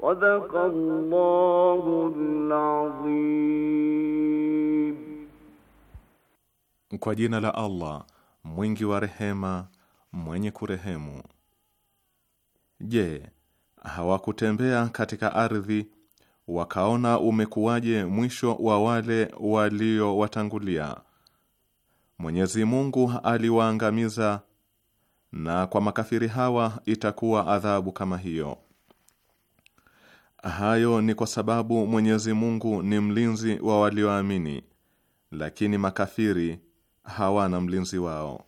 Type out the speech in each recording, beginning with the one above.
صدق الله العظيم Kwa jina la Allah mwingi wa rehema mwenye kurehemu Je, hawakutembea katika ardhi wakaona umekuwaje mwisho wa wale waliowatangulia? Mwenyezi Mungu aliwaangamiza, na kwa makafiri hawa itakuwa adhabu kama hiyo. Hayo ni kwa sababu Mwenyezi Mungu ni mlinzi wa walioamini, lakini makafiri hawana mlinzi wao.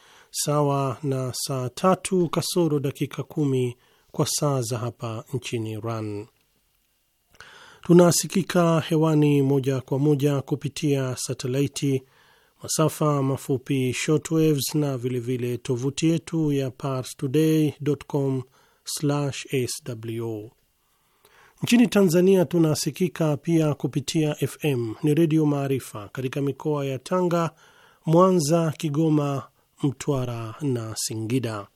sawa na saa tatu kasoro dakika kumi kwa saa za hapa nchini Iran. Tunasikika hewani moja kwa moja kupitia satelaiti, masafa mafupi shortwaves, na vilevile tovuti yetu ya parstoday.com/sw. Nchini Tanzania tunasikika pia kupitia FM ni Redio Maarifa katika mikoa ya Tanga, Mwanza, Kigoma, Mtwara na Singida.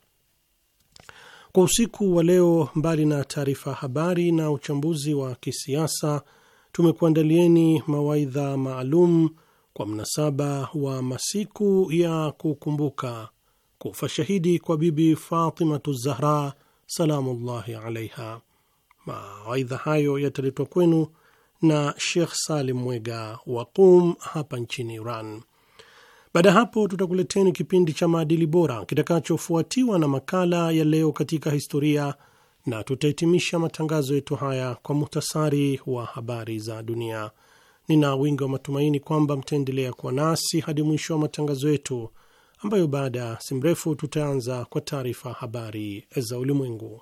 Kwa usiku wa leo, mbali na taarifa habari na uchambuzi wa kisiasa, tumekuandalieni mawaidha maalum kwa mnasaba wa masiku ya kukumbuka kufa shahidi kwa Bibi Fatimatu Zahra salamullahi alaiha. Mawaidha hayo yataletwa kwenu na Shekh Salim Mwega wa Qum hapa nchini Iran. Baada ya hapo, tutakuleteni kipindi cha maadili bora kitakachofuatiwa na makala ya leo katika historia, na tutahitimisha matangazo yetu haya kwa muhtasari wa habari za dunia. Nina wingi wa matumaini kwamba mtaendelea kuwa nasi hadi mwisho wa matangazo yetu, ambayo baada si mrefu tutaanza kwa taarifa habari za ulimwengu.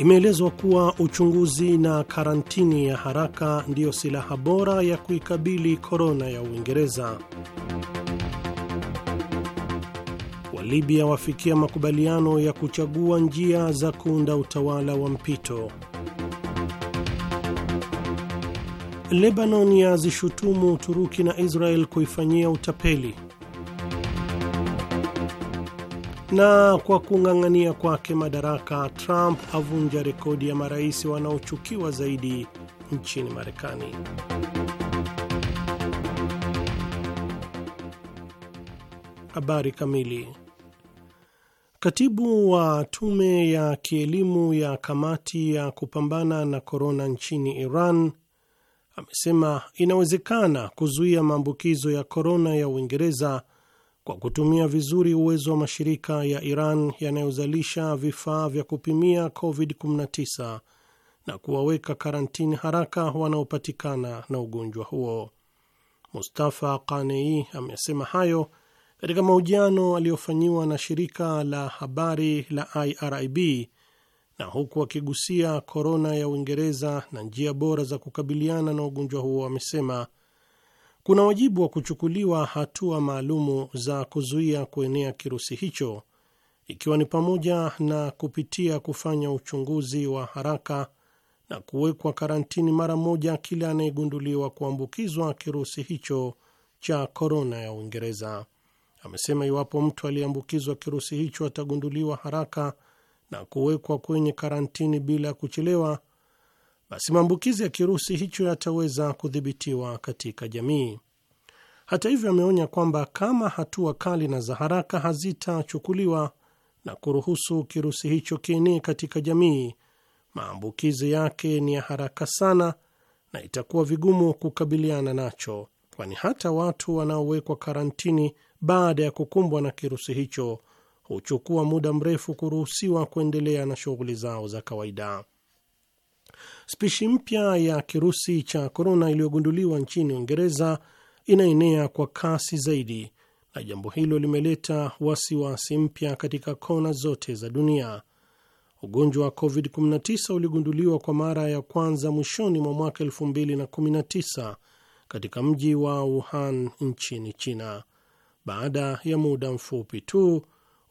Imeelezwa kuwa uchunguzi na karantini ya haraka ndiyo silaha bora ya kuikabili korona ya Uingereza. Walibya wafikia makubaliano ya kuchagua njia za kuunda utawala wa mpito. Lebanon yazishutumu Uturuki na Israel kuifanyia utapeli. Na kwa kung'ang'ania kwake madaraka, Trump avunja rekodi ya marais wanaochukiwa zaidi nchini Marekani. Habari kamili. Katibu wa tume ya kielimu ya kamati ya kupambana na korona nchini Iran amesema inawezekana kuzuia maambukizo ya korona ya Uingereza kwa kutumia vizuri uwezo wa mashirika ya Iran yanayozalisha vifaa vya kupimia COVID-19 na kuwaweka karantini haraka wanaopatikana na ugonjwa huo. Mustafa Kanei amesema hayo katika mahojiano aliyofanyiwa na shirika la habari la IRIB na huku akigusia korona ya Uingereza na njia bora za kukabiliana na ugonjwa huo, amesema kuna wajibu wa kuchukuliwa hatua maalumu za kuzuia kuenea kirusi hicho, ikiwa ni pamoja na kupitia kufanya uchunguzi wa haraka na kuwekwa karantini mara moja kila anayegunduliwa kuambukizwa kirusi hicho cha korona ya Uingereza. Amesema iwapo mtu aliyeambukizwa kirusi hicho atagunduliwa haraka na kuwekwa kwenye karantini bila kuchelewa, basi maambukizi ya kirusi hicho yataweza kudhibitiwa katika jamii. Hata hivyo, ameonya kwamba kama hatua kali na za haraka hazitachukuliwa na kuruhusu kirusi hicho kienee katika jamii, maambukizi yake ni ya haraka sana na itakuwa vigumu kukabiliana nacho, kwani hata watu wanaowekwa karantini baada ya kukumbwa na kirusi hicho huchukua muda mrefu kuruhusiwa kuendelea na shughuli zao za kawaida. Spishi mpya ya kirusi cha korona iliyogunduliwa nchini Uingereza inaenea kwa kasi zaidi, na jambo hilo limeleta wasiwasi mpya katika kona zote za dunia. Ugonjwa wa COVID-19 uligunduliwa kwa mara ya kwanza mwishoni mwa mwaka 2019 katika mji wa Wuhan nchini China. Baada ya muda mfupi tu,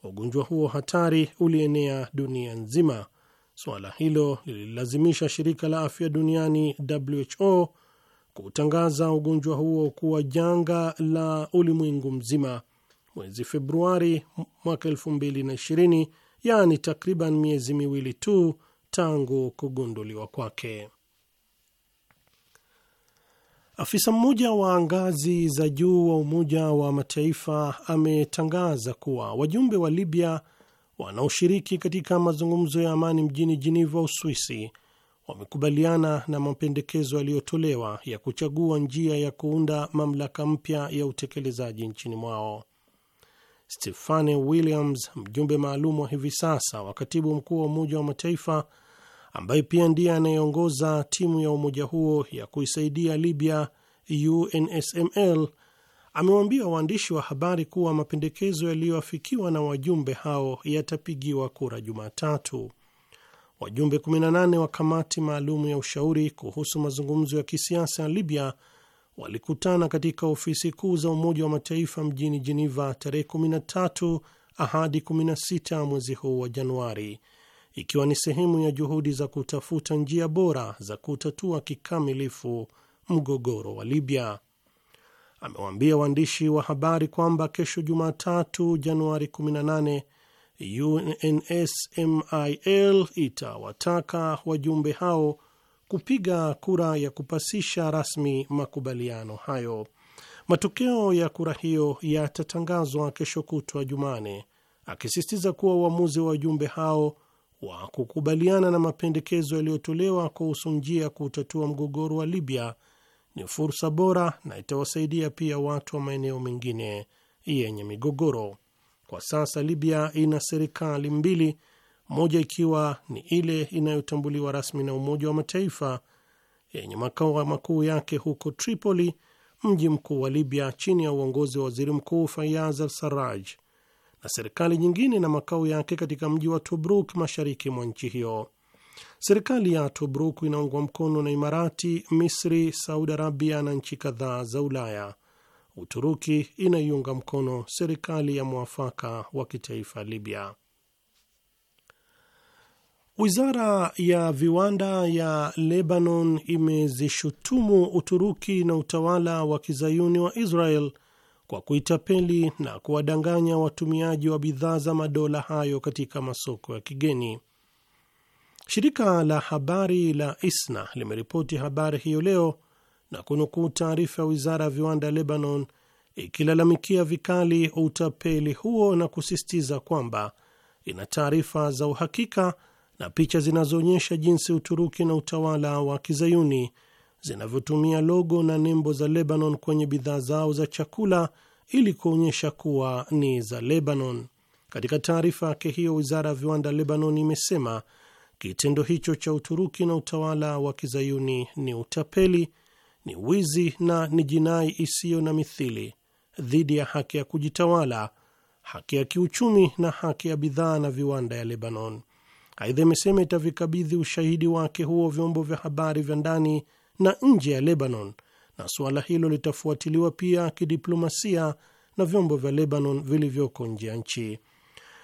ugonjwa huo hatari ulienea dunia nzima Suala hilo lililazimisha shirika la afya duniani WHO kutangaza ugonjwa huo kuwa janga la ulimwengu mzima mwezi Februari mwaka ishirini, yaani takriban miezi miwili tu tangu kugunduliwa kwake. Afisa mmoja wa ngazi za juu wa Umoja wa Mataifa ametangaza kuwa wajumbe wa Libya wanaoshiriki katika mazungumzo ya amani mjini Jeneva, Uswisi, wamekubaliana na mapendekezo yaliyotolewa ya kuchagua njia ya kuunda mamlaka mpya ya utekelezaji nchini mwao. Stephane Williams, mjumbe maalum wa hivi sasa wa katibu mkuu wa Umoja wa Mataifa, ambaye pia ndiye anayeongoza timu ya umoja huo ya kuisaidia Libya UNSML, amewaambia waandishi wa habari kuwa mapendekezo yaliyoafikiwa na wajumbe hao yatapigiwa kura Jumatatu. Wajumbe 18 wa kamati maalum ya ushauri kuhusu mazungumzo ya kisiasa ya Libya walikutana katika ofisi kuu za Umoja wa Mataifa mjini Jeneva tarehe 13 hadi 16 mwezi huu wa Januari, ikiwa ni sehemu ya juhudi za kutafuta njia bora za kutatua kikamilifu mgogoro wa Libya amewaambia waandishi wa habari kwamba kesho Jumatatu, Januari 18 UNSMIL itawataka wajumbe hao kupiga kura ya kupasisha rasmi makubaliano hayo. Matokeo ya kura hiyo yatatangazwa kesho kutwa Jumane, akisisitiza kuwa uamuzi wa wajumbe hao wa kukubaliana na mapendekezo yaliyotolewa kuhusu njia ya kutatua mgogoro wa Libya ni fursa bora na itawasaidia pia watu wa maeneo mengine yenye migogoro. Kwa sasa Libya ina serikali mbili, moja ikiwa ni ile inayotambuliwa rasmi na Umoja wa Mataifa yenye makao makuu yake huko Tripoli, mji mkuu wa Libya, chini ya uongozi wa waziri mkuu Fayaz al-Sarraj, na serikali nyingine na makao yake katika mji wa Tobruk, mashariki mwa nchi hiyo. Serikali ya Tobruk inaungwa mkono na Imarati, Misri, Saudi Arabia na nchi kadhaa za Ulaya. Uturuki inaiunga mkono serikali ya mwafaka wa kitaifa Libya. Wizara ya viwanda ya Lebanon imezishutumu Uturuki na utawala wa kizayuni wa Israel kwa kuitapeli na kuwadanganya watumiaji wa bidhaa za madola hayo katika masoko ya kigeni. Shirika la habari la ISNA limeripoti habari hiyo leo na kunukuu taarifa ya wizara ya viwanda Lebanon ikilalamikia vikali utapeli huo na kusisitiza kwamba ina taarifa za uhakika na picha zinazoonyesha jinsi Uturuki na utawala wa kizayuni zinavyotumia logo na nembo za Lebanon kwenye bidhaa zao za chakula ili kuonyesha kuwa ni za Lebanon. Katika taarifa yake hiyo, wizara ya viwanda Lebanon imesema Kitendo hicho cha Uturuki na utawala wa kizayuni ni utapeli, ni wizi na ni jinai isiyo na mithili dhidi ya haki ya kujitawala, haki ya kiuchumi na haki ya bidhaa na viwanda ya Lebanon. Aidha, imesema itavikabidhi ushahidi wake huo vyombo vya habari vya ndani na nje ya Lebanon, na suala hilo litafuatiliwa pia kidiplomasia na vyombo vya Lebanon vilivyoko nje ya nchi.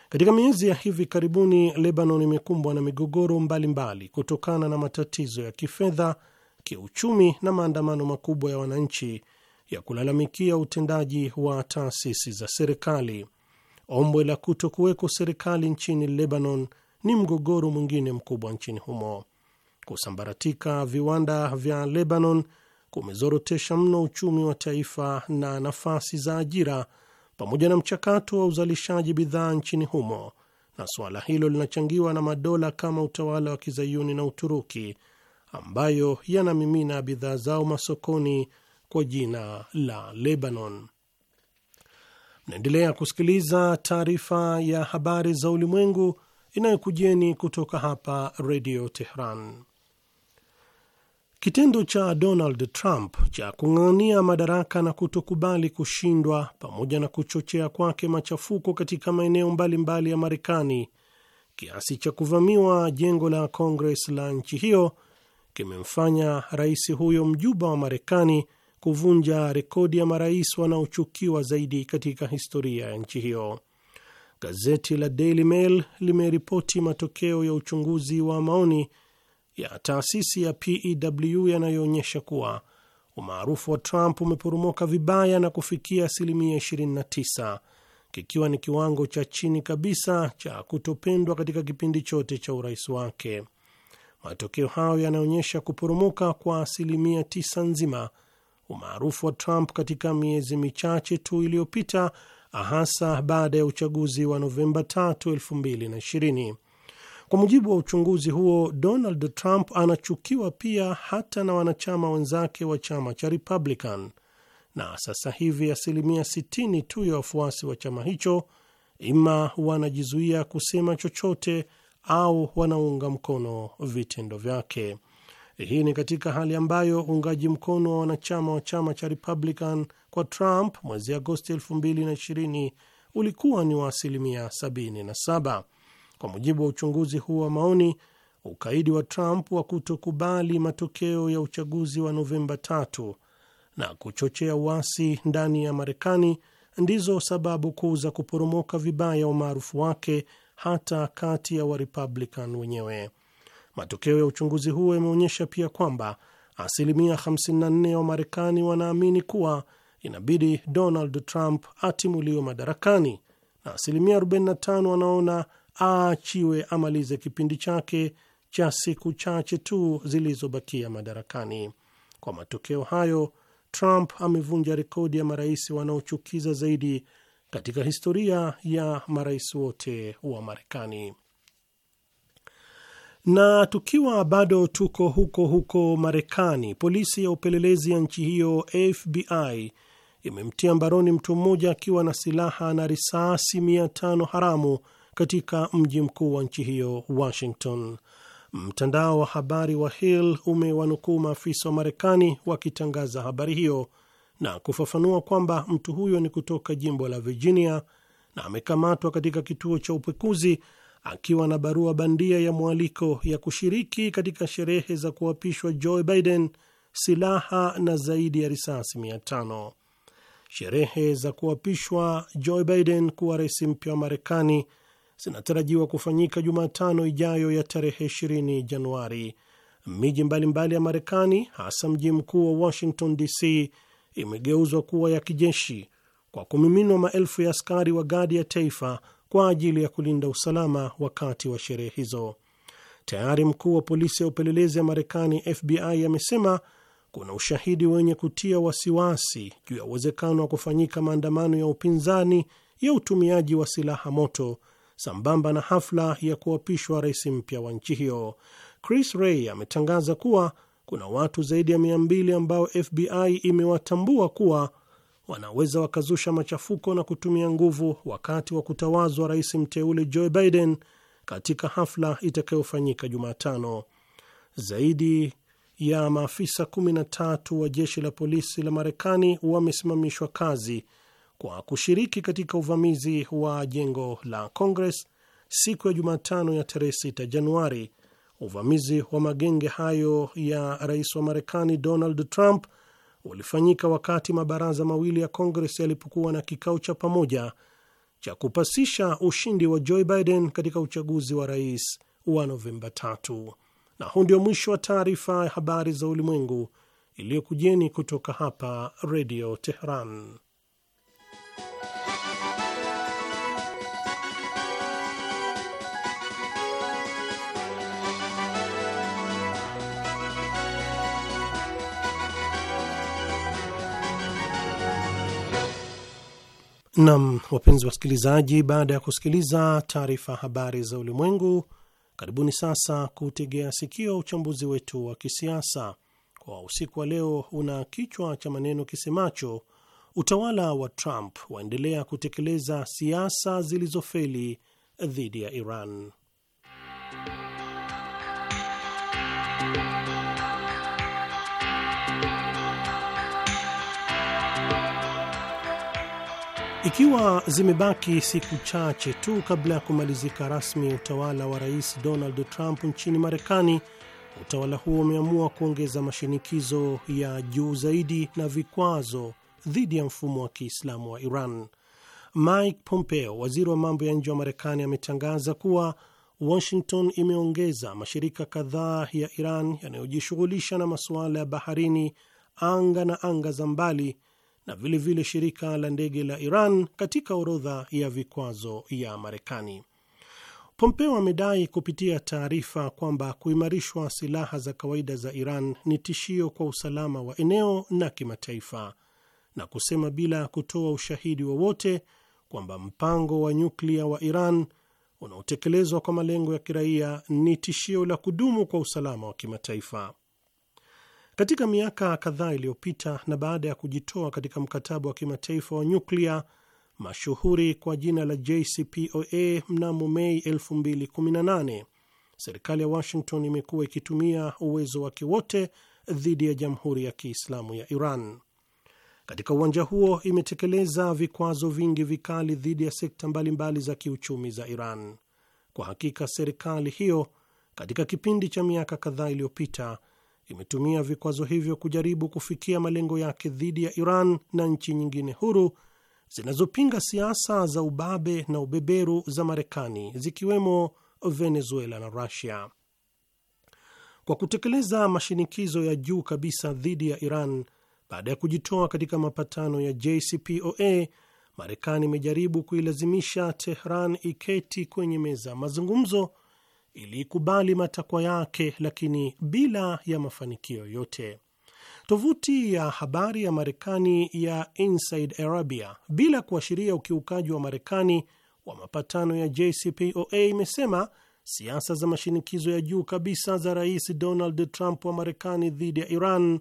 Katika miezi ya hivi karibuni, Lebanon imekumbwa na migogoro mbalimbali kutokana na matatizo ya kifedha, kiuchumi na maandamano makubwa ya wananchi ya kulalamikia utendaji wa taasisi za serikali. Ombwe la kuto kuweko serikali nchini Lebanon ni mgogoro mwingine mkubwa nchini humo. Kusambaratika viwanda vya Lebanon kumezorotesha mno uchumi wa taifa na nafasi za ajira pamoja na mchakato wa uzalishaji bidhaa nchini humo, na suala hilo linachangiwa na madola kama utawala wa kizayuni na Uturuki ambayo yanamimina bidhaa zao masokoni kwa jina la Lebanon. Mnaendelea kusikiliza taarifa ya habari za ulimwengu inayokujeni kutoka hapa Redio Tehran. Kitendo cha Donald Trump cha kung'ang'ania madaraka na kutokubali kushindwa pamoja na kuchochea kwake machafuko katika maeneo mbalimbali ya Marekani kiasi cha kuvamiwa jengo la Congress la nchi hiyo kimemfanya rais huyo mjuba wa Marekani kuvunja rekodi ya marais wanaochukiwa zaidi katika historia ya nchi hiyo. Gazeti la Daily Mail limeripoti matokeo ya uchunguzi wa maoni ya taasisi ya PEW yanayoonyesha kuwa umaarufu wa Trump umeporomoka vibaya na kufikia asilimia 29 kikiwa ni kiwango cha chini kabisa cha kutopendwa katika kipindi chote cha urais wake. Matokeo hayo yanaonyesha kuporomoka kwa asilimia 9 nzima umaarufu wa Trump katika miezi michache tu iliyopita, hasa baada ya uchaguzi wa Novemba 3, 2020. Kwa mujibu wa uchunguzi huo, Donald Trump anachukiwa pia hata na wanachama wenzake wa chama cha Republican, na sasa hivi asilimia 60 tu ya wafuasi wa chama hicho ima wanajizuia kusema chochote au wanaunga mkono vitendo vyake. Hii ni katika hali ambayo uungaji mkono wa wanachama wa chama cha Republican kwa Trump mwezi Agosti 2020 ulikuwa ni wa asilimia 77. Kwa mujibu wa uchunguzi huu wa maoni, ukaidi wa Trump wa kutokubali matokeo ya uchaguzi wa Novemba tatu na kuchochea uasi ndani ya Marekani ndizo sababu kuu za kuporomoka vibaya umaarufu wake hata kati ya Warepublican wenyewe. Matokeo ya uchunguzi huo yameonyesha pia kwamba asilimia 54 ya Wamarekani wanaamini kuwa inabidi Donald Trump atimuliwe madarakani na asilimia 45 wanaona aachiwe amalize kipindi chake cha siku chache tu zilizobakia madarakani. Kwa matokeo hayo, Trump amevunja rekodi ya marais wanaochukiza zaidi katika historia ya marais wote wa Marekani. Na tukiwa bado tuko huko huko Marekani, polisi ya upelelezi ya nchi hiyo FBI imemtia mbaroni mtu mmoja akiwa na silaha na risasi mia tano haramu katika mji mkuu wa nchi hiyo Washington. Mtandao wa habari wa Hill umewanukuu maafisa wa Marekani wakitangaza habari hiyo na kufafanua kwamba mtu huyo ni kutoka jimbo la Virginia na amekamatwa katika kituo cha upekuzi akiwa na barua bandia ya mwaliko ya kushiriki katika sherehe za kuapishwa Joe Biden, silaha na zaidi ya risasi mia tano. Sherehe za kuapishwa Joe Biden kuwa rais mpya wa Marekani zinatarajiwa kufanyika Jumatano ijayo ya tarehe 20 Januari. Miji mbalimbali ya Marekani, hasa mji mkuu wa Washington DC, imegeuzwa kuwa ya kijeshi kwa kumiminwa maelfu ya askari wa gadi ya taifa kwa ajili ya kulinda usalama wakati wa sherehe hizo. Tayari mkuu wa polisi ya upelelezi ya Marekani, FBI, amesema kuna ushahidi wenye kutia wasiwasi juu ya uwezekano wa kufanyika maandamano ya upinzani ya utumiaji wa silaha moto sambamba na hafla ya kuapishwa rais mpya wa nchi hiyo. Chris Ray ametangaza kuwa kuna watu zaidi ya mia mbili ambao FBI imewatambua kuwa wanaweza wakazusha machafuko na kutumia nguvu wakati wa kutawazwa rais mteule Joe Biden katika hafla itakayofanyika Jumatano. Zaidi ya maafisa 13 wa jeshi la polisi la Marekani wamesimamishwa kazi kwa kushiriki katika uvamizi wa jengo la Congress siku ya Jumatano ya tarehe 6 Januari. Uvamizi wa magenge hayo ya rais wa Marekani Donald Trump ulifanyika wakati mabaraza mawili ya Congress yalipokuwa na kikao cha pamoja cha kupasisha ushindi wa Joe Biden katika uchaguzi wa rais wa Novemba 3. Na huu ndio mwisho wa taarifa ya habari za ulimwengu iliyokujeni kutoka hapa Redio Teheran. Nam, wapenzi wasikilizaji, baada ya kusikiliza taarifa habari za ulimwengu, karibuni sasa kutegea sikio uchambuzi wetu wa kisiasa kwa usiku wa leo. Una kichwa cha maneno kisemacho utawala wa Trump waendelea kutekeleza siasa zilizofeli dhidi ya Iran. Ikiwa zimebaki siku chache tu kabla ya kumalizika rasmi utawala wa Rais Donald Trump nchini Marekani, utawala huo umeamua kuongeza mashinikizo ya juu zaidi na vikwazo dhidi ya mfumo wa Kiislamu wa Iran. Mike Pompeo, waziri wa mambo ya nje wa Marekani, ametangaza kuwa Washington imeongeza mashirika kadhaa ya Iran yanayojishughulisha na masuala ya baharini, anga na anga za mbali na vilevile vile shirika la ndege la Iran katika orodha ya vikwazo ya Marekani. Pompeo amedai kupitia taarifa kwamba kuimarishwa silaha za kawaida za Iran ni tishio kwa usalama wa eneo na kimataifa, na kusema bila kutoa ushahidi wowote kwamba mpango wa nyuklia wa Iran unaotekelezwa kwa malengo ya kiraia ni tishio la kudumu kwa usalama wa kimataifa. Katika miaka kadhaa iliyopita na baada ya kujitoa katika mkataba wa kimataifa wa nyuklia mashuhuri kwa jina la JCPOA mnamo Mei 2018, serikali ya Washington imekuwa ikitumia uwezo wake wote dhidi ya Jamhuri ya Kiislamu ya Iran. Katika uwanja huo imetekeleza vikwazo vingi vikali dhidi ya sekta mbalimbali za kiuchumi za Iran. Kwa hakika serikali hiyo katika kipindi cha miaka kadhaa iliyopita imetumia vikwazo hivyo kujaribu kufikia malengo yake dhidi ya Iran na nchi nyingine huru zinazopinga siasa za ubabe na ubeberu za Marekani zikiwemo Venezuela na rusia Kwa kutekeleza mashinikizo ya juu kabisa dhidi ya Iran baada ya kujitoa katika mapatano ya JCPOA, Marekani imejaribu kuilazimisha Tehran iketi kwenye meza mazungumzo iliikubali matakwa yake, lakini bila ya mafanikio yote Tovuti ya habari ya Marekani ya Inside Arabia, bila kuashiria ukiukaji wa Marekani wa mapatano ya JCPOA, imesema siasa za mashinikizo ya juu kabisa za Rais Donald Trump wa Marekani dhidi ya Iran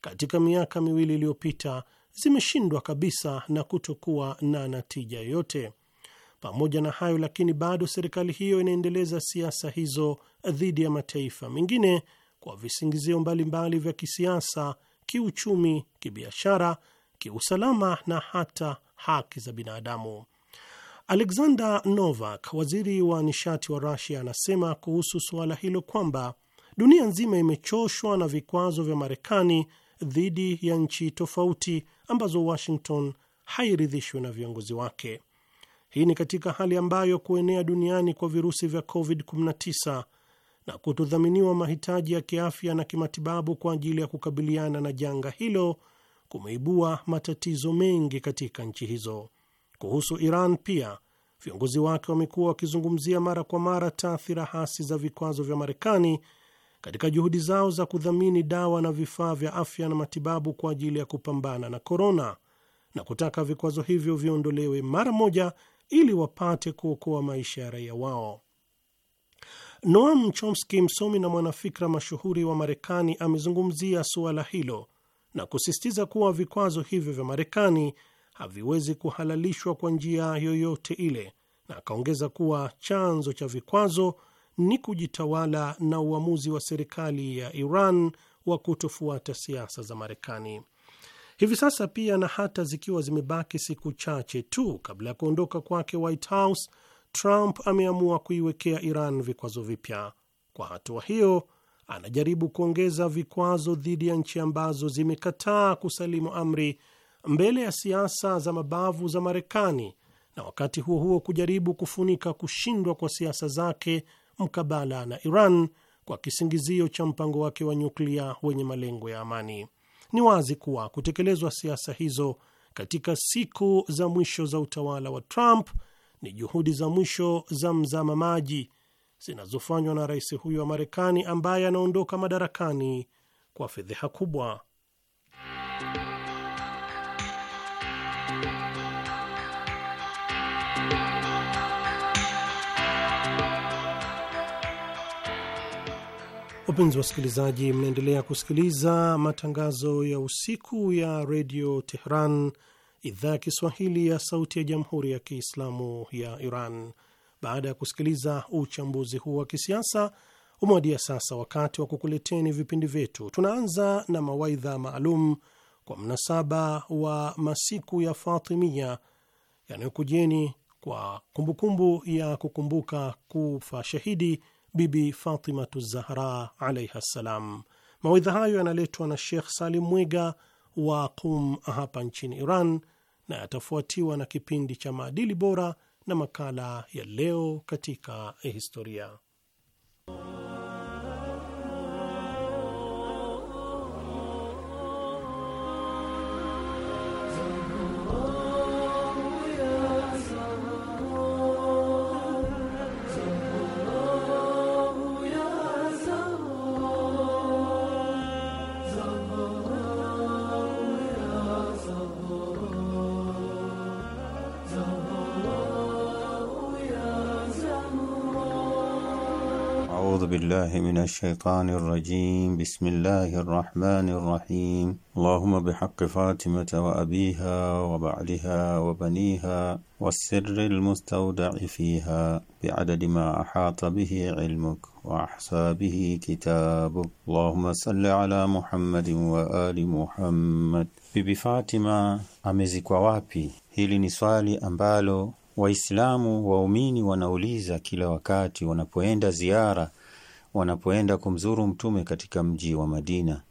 katika miaka miwili iliyopita zimeshindwa kabisa na kutokuwa na natija yoyote. Pamoja na hayo lakini, bado serikali hiyo inaendeleza siasa hizo dhidi ya mataifa mengine kwa visingizio mbalimbali vya kisiasa, kiuchumi, kibiashara, kiusalama na hata haki za binadamu. Alexander Novak, waziri wa nishati wa Rusia, anasema kuhusu suala hilo kwamba dunia nzima imechoshwa na vikwazo vya Marekani dhidi ya nchi tofauti ambazo Washington hairidhishwi na viongozi wake. Hii ni katika hali ambayo kuenea duniani kwa virusi vya COVID-19 na kutodhaminiwa mahitaji ya kiafya na kimatibabu kwa ajili ya kukabiliana na janga hilo kumeibua matatizo mengi katika nchi hizo. Kuhusu Iran pia, viongozi wake wamekuwa wakizungumzia mara kwa mara taathira hasi za vikwazo vya Marekani katika juhudi zao za kudhamini dawa na vifaa vya afya na matibabu kwa ajili ya kupambana na korona na kutaka vikwazo hivyo viondolewe mara moja ili wapate kuokoa maisha ya raia wao. Noam Chomsky, msomi na mwanafikra mashuhuri wa Marekani, amezungumzia suala hilo na kusisitiza kuwa vikwazo hivyo vya Marekani haviwezi kuhalalishwa kwa njia yoyote ile, na akaongeza kuwa chanzo cha vikwazo ni kujitawala na uamuzi wa serikali ya Iran wa kutofuata siasa za Marekani hivi sasa pia, na hata zikiwa zimebaki siku chache tu kabla ya kuondoka kwake White House, Trump ameamua kuiwekea Iran vikwazo vipya. Kwa hatua hiyo, anajaribu kuongeza vikwazo dhidi ya nchi ambazo zimekataa kusalimu amri mbele ya siasa za mabavu za Marekani, na wakati huo huo kujaribu kufunika kushindwa kwa siasa zake mkabala na Iran kwa kisingizio cha mpango wake wa nyuklia wenye malengo ya amani. Ni wazi kuwa kutekelezwa siasa hizo katika siku za mwisho za utawala wa Trump ni juhudi za mwisho za mzama maji zinazofanywa na rais huyo wa Marekani ambaye anaondoka madarakani kwa fedheha kubwa. Wapenzi wasikilizaji, mnaendelea kusikiliza matangazo ya usiku ya redio Tehran, idhaa ya Kiswahili ya sauti ya jamhuri ya Kiislamu ya Iran. Baada ya kusikiliza uchambuzi huu wa kisiasa, umewadia sasa wakati wa kukuleteni vipindi vyetu. Tunaanza na mawaidha maalum kwa mnasaba wa masiku ya Fatimia yanayokujeni kwa kumbukumbu ya kukumbuka kufa shahidi Bibi Fatimatu Zahra alaiha ssalam. Mawaidha hayo yanaletwa na Shekh Salim Mwiga wa Qum hapa nchini Iran na yatafuatiwa na kipindi cha maadili bora na makala ya leo katika historia. أعوذ بالله من الشيطان الرجيم بسم الله الرحمن الرحيم اللهم بحق فاطمة وأبيها وبعلها وبنيها والسر المستودع فيها بعدد ما أحاط به علمك وأحصى به كتابك اللهم صل على محمد وآل محمد Bibi فاطمة أمزك ووابي Hili ni أمبالو ambalo Waislamu waumini wanauliza kila wakati wanapoenda ziara wanapoenda kumzuru mtume katika mji wa Madina.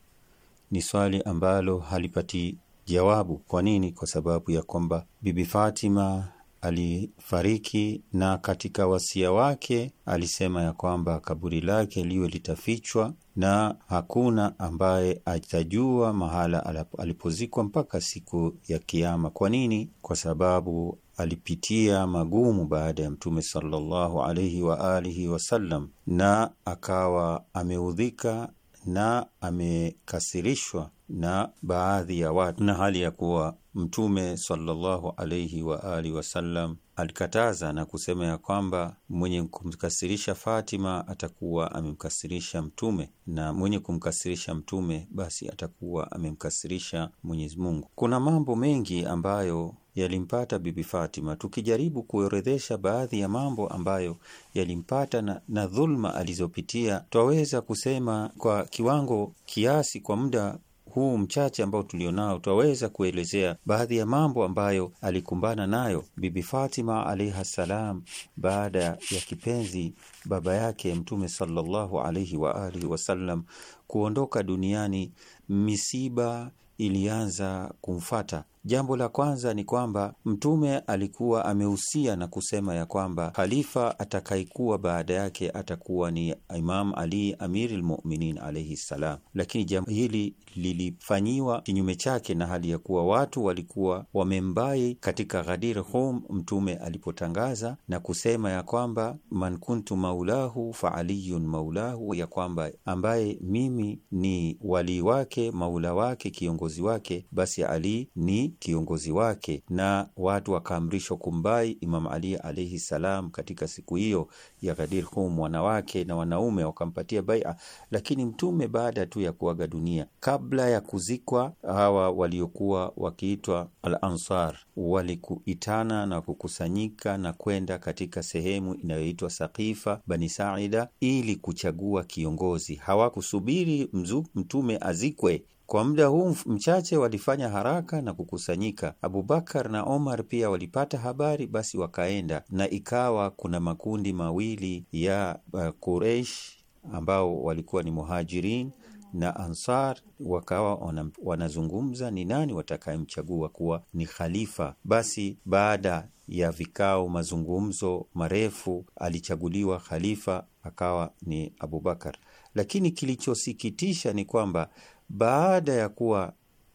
Ni swali ambalo halipati jawabu. Kwa nini? Kwa sababu ya kwamba Bibi Fatima alifariki na katika wasia wake alisema ya kwamba kaburi lake liwe litafichwa na hakuna ambaye atajua mahala alipozikwa mpaka siku ya Kiama. Kwa nini? Kwa sababu alipitia magumu baada ya Mtume sallallahu alaihi wa alihi wasallam, na akawa ameudhika na amekasirishwa na baadhi ya watu, na hali ya kuwa Mtume sallallahu alaihi wa alihi wasallam alikataza na kusema ya kwamba mwenye kumkasirisha Fatima atakuwa amemkasirisha Mtume, na mwenye kumkasirisha Mtume basi atakuwa amemkasirisha Mwenyezi Mungu. Kuna mambo mengi ambayo yalimpata Bibi Fatima, tukijaribu kuorodhesha baadhi ya mambo ambayo yalimpata na, na dhulma alizopitia, twaweza kusema kwa kiwango kiasi, kwa muda huu mchache ambao tulionao, twaweza kuelezea baadhi ya mambo ambayo alikumbana nayo Bibi Fatima alaihi ssalam, baada ya kipenzi baba yake Mtume sallallahu alaihi alihi wasallam kuondoka duniani, misiba ilianza kumfata Jambo la kwanza ni kwamba Mtume alikuwa amehusia na kusema ya kwamba khalifa atakayekuwa baada yake atakuwa ni Imam Ali Amiri lmuminin alaihi ssalam, lakini jambo hili lilifanyiwa kinyume chake na hali ya kuwa watu walikuwa wamembai katika Ghadir Hum Mtume alipotangaza na kusema ya kwamba man kuntu maulahu fa aliyun maulahu, ya kwamba ambaye mimi ni walii wake, maula wake, kiongozi wake, basi Ali ni kiongozi wake, na watu wakaamrishwa kumbai Imam Ali alaihi salam katika siku hiyo ya Ghadir Hum. Wanawake na wanaume wakampatia baia, lakini Mtume baada tu ya kuaga dunia, kabla ya kuzikwa, hawa waliokuwa wakiitwa Al-Ansar walikuitana na kukusanyika na kwenda katika sehemu inayoitwa Sakifa Bani Saida ili kuchagua kiongozi. Hawakusubiri Mtume azikwe kwa muda huu mchache walifanya haraka na kukusanyika. Abubakar na Omar pia walipata habari, basi wakaenda, na ikawa kuna makundi mawili ya uh, eh, Quraish ambao walikuwa ni Muhajirin na Ansar wakawa wanazungumza ni nani watakayemchagua kuwa ni khalifa. Basi baada ya vikao, mazungumzo marefu, alichaguliwa khalifa akawa ni Abubakar. Lakini kilichosikitisha ni kwamba baada ya kuwa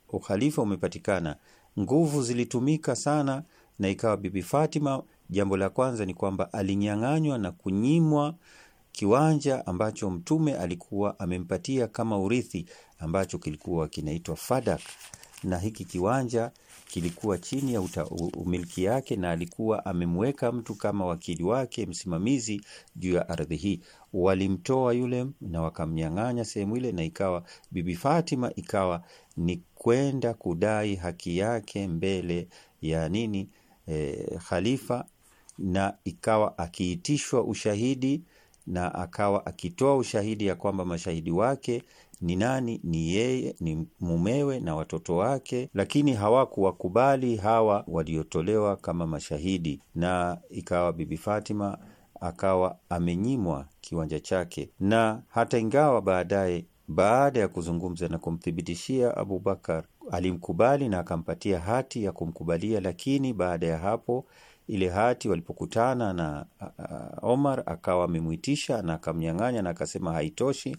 ukhalifa umepatikana, nguvu zilitumika sana na ikawa Bibi Fatima, jambo la kwanza ni kwamba alinyang'anywa na kunyimwa kiwanja ambacho Mtume alikuwa amempatia kama urithi ambacho kilikuwa kinaitwa Fadak, na hiki kiwanja kilikuwa chini ya uta, umiliki yake na alikuwa amemweka mtu kama wakili wake msimamizi juu ya ardhi hii. Walimtoa yule na wakamnyang'anya sehemu ile, na ikawa Bibi Fatima ikawa ni kwenda kudai haki yake mbele ya nini, e, khalifa, na ikawa akiitishwa ushahidi na akawa akitoa ushahidi ya kwamba mashahidi wake ni nani? Ni yeye, ni mumewe na watoto wake, lakini hawakuwakubali hawa waliotolewa kama mashahidi, na ikawa Bibi Fatima akawa amenyimwa kiwanja chake, na hata ingawa baadaye baada ya kuzungumza na kumthibitishia Abubakar alimkubali na akampatia hati ya kumkubalia, lakini baada ya hapo ile hati walipokutana na Omar akawa amemwitisha na akamnyang'anya na akasema haitoshi,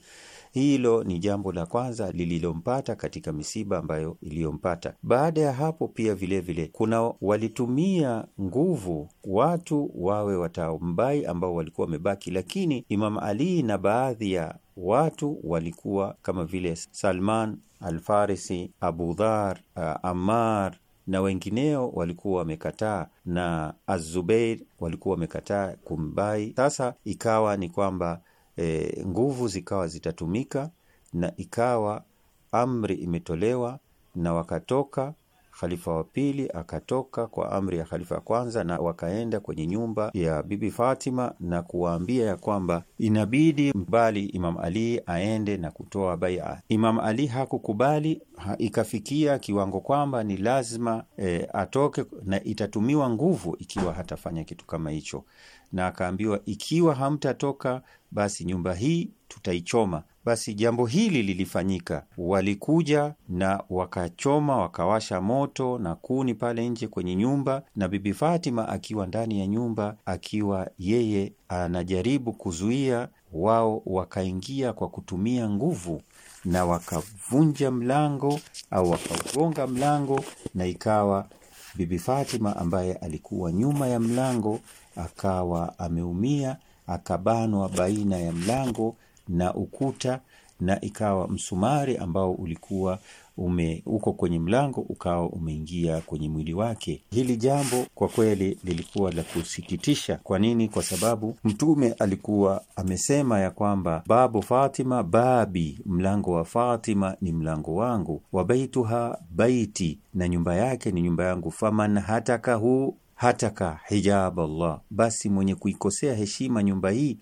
hilo ni jambo la kwanza lililompata katika misiba ambayo iliyompata. Baada ya hapo pia vilevile vile, kuna walitumia nguvu watu wawe watambai ambao walikuwa wamebaki, lakini Imam Ali na baadhi ya watu walikuwa kama vile Salman Alfarisi, Abu Dhar, uh, Ammar na wengineo walikuwa wamekataa na azubeir walikuwa wamekataa kumbai. Sasa ikawa ni kwamba e, nguvu zikawa zitatumika na ikawa amri imetolewa na wakatoka. Khalifa wa pili akatoka kwa amri ya khalifa ya kwanza, na wakaenda kwenye nyumba ya Bibi Fatima na kuwaambia ya kwamba inabidi mbali Imam Ali aende na kutoa baia. Imam Ali hakukubali ha, ikafikia kiwango kwamba ni lazima e, atoke na itatumiwa nguvu ikiwa hatafanya kitu kama hicho na akaambiwa, ikiwa hamtatoka basi nyumba hii tutaichoma. Basi jambo hili lilifanyika, walikuja na wakachoma, wakawasha moto na kuni pale nje kwenye nyumba, na Bibi Fatima akiwa ndani ya nyumba, akiwa yeye anajaribu kuzuia, wao wakaingia kwa kutumia nguvu na wakavunja mlango au wakaugonga mlango, na ikawa Bibi Fatima ambaye alikuwa nyuma ya mlango akawa ameumia, akabanwa baina ya mlango na ukuta, na ikawa msumari ambao ulikuwa ume uko kwenye mlango ukawa umeingia kwenye mwili wake. Hili jambo kwa kweli lilikuwa la kusikitisha. Kwa nini? Kwa sababu Mtume alikuwa amesema ya kwamba babu Fatima babi, mlango wa Fatima ni mlango wangu, wa baituha baiti, na nyumba yake ni nyumba yangu, faman hatakahu hataka hijab Allah, basi mwenye kuikosea heshima nyumba hii,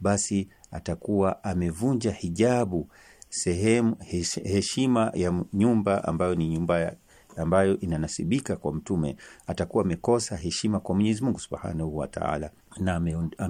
basi atakuwa amevunja hijabu, sehemu heshima ya nyumba ambayo ni nyumba ya ambayo inanasibika kwa Mtume, atakuwa amekosa heshima kwa Mwenyezi Mungu Subhanahu wa Ta'ala na amepita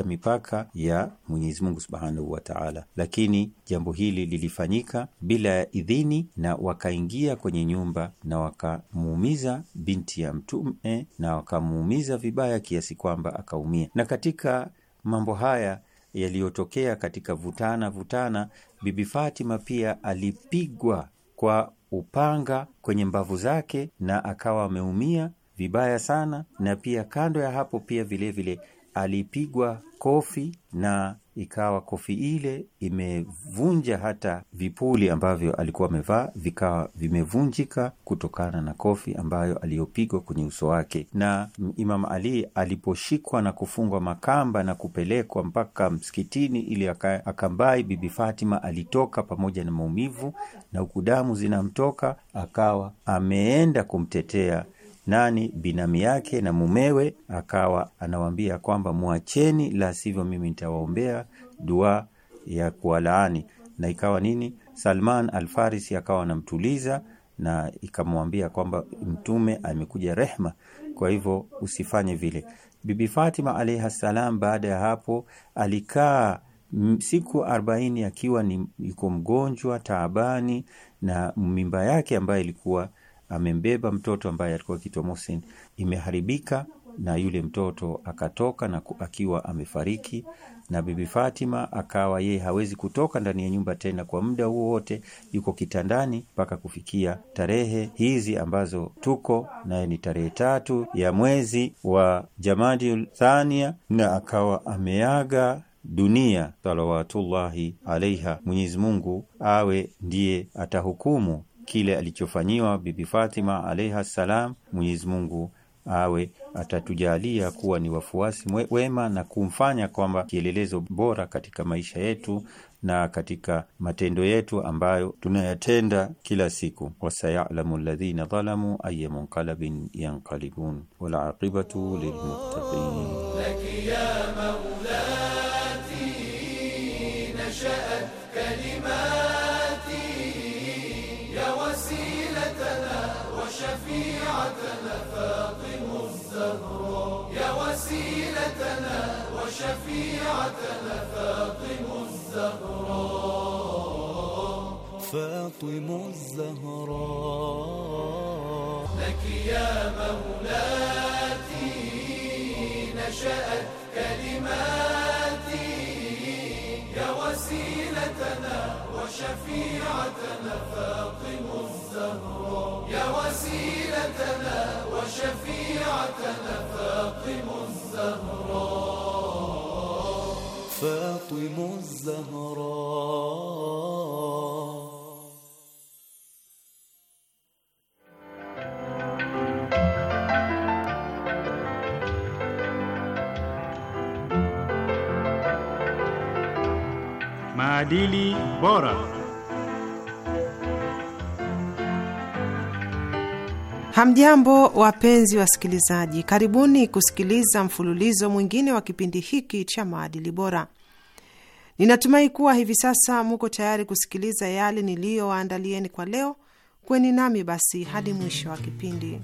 ame, ame mipaka ya Mwenyezi Mungu subhanahu wa taala, lakini jambo hili lilifanyika bila ya idhini, na wakaingia kwenye nyumba na wakamuumiza binti ya Mtume na wakamuumiza vibaya kiasi kwamba akaumia. Na katika mambo haya yaliyotokea katika vutana vutana, Bibi Fatima pia alipigwa kwa upanga kwenye mbavu zake na akawa ameumia vibaya sana, na pia kando ya hapo pia vilevile vile, alipigwa kofi na ikawa kofi ile imevunja hata vipuli ambavyo alikuwa amevaa vikawa vimevunjika kutokana na kofi ambayo aliyopigwa kwenye uso wake. Na Imam Ali aliposhikwa na kufungwa makamba na kupelekwa mpaka msikitini ili akambai, Bibi Fatima alitoka pamoja na maumivu na huku damu zinamtoka, akawa ameenda kumtetea nani binamu yake na mumewe, akawa anawambia kwamba mwacheni, la sivyo mimi nitawaombea dua ya kuwalaani. Na ikawa nini, Salman Alfarisi akawa anamtuliza na ikamwambia kwamba Mtume amekuja rehma, kwa hivyo usifanye vile. Bibi Fatima alaihi salam, baada ya hapo alikaa siku arobaini akiwa yuko mgonjwa taabani na mimba yake ambayo ilikuwa amembeba mtoto ambaye alikuwa akiitwa Mohsen, imeharibika na yule mtoto akatoka na akiwa amefariki, na Bibi Fatima akawa yeye hawezi kutoka ndani ya nyumba tena kwa muda huo wote, yuko kitandani mpaka kufikia tarehe hizi ambazo tuko naye, ni tarehe tatu ya mwezi wa Jamadi Thania, na akawa ameaga dunia salawatullahi alaiha. Mwenyezi Mungu awe ndiye atahukumu kile alichofanyiwa Bibi Fatima alaiha ssalam. Mwenyezi Mungu awe atatujalia kuwa ni wafuasi wema na kumfanya kwamba kielelezo bora katika maisha yetu na katika matendo yetu ambayo tunayatenda kila siku. wasayalamu ladhina dhalamu aya munqalabin yanqalibun walaqibatu lilmuttaqin. laki ya maulati شفيعتنا فاطم الزهراء يا وسيلتنا وشفيعتنا فاطم الزهراء فاطم الزهراء لك يا مولاتي نشأت كلمات وسيلتنا وشفيعتنا فاطم الزهراء يا وسيلتنا وشفيعتنا فاطم الزهراء فاطم الزهراء Maadili bora. Hamjambo, wapenzi wasikilizaji, karibuni kusikiliza mfululizo mwingine wa kipindi hiki cha maadili bora. Ninatumai kuwa hivi sasa muko tayari kusikiliza yale niliyowaandalieni kwa leo. Kweni nami basi hadi mwisho wa kipindi.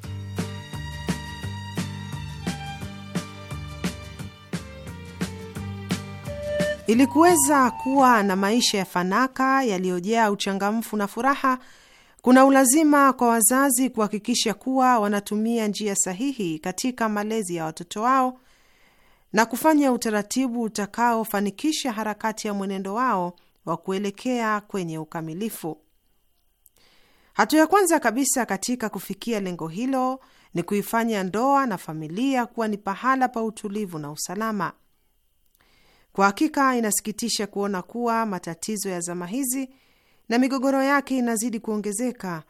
Ili kuweza kuwa na maisha ya fanaka yaliyojaa uchangamfu na furaha, kuna ulazima kwa wazazi kuhakikisha kuwa wanatumia njia sahihi katika malezi ya watoto wao na kufanya utaratibu utakaofanikisha harakati ya mwenendo wao wa kuelekea kwenye ukamilifu. Hatua ya kwanza kabisa katika kufikia lengo hilo ni kuifanya ndoa na familia kuwa ni pahala pa utulivu na usalama. Kwa hakika inasikitisha kuona kuwa matatizo ya zama hizi na migogoro yake inazidi kuongezeka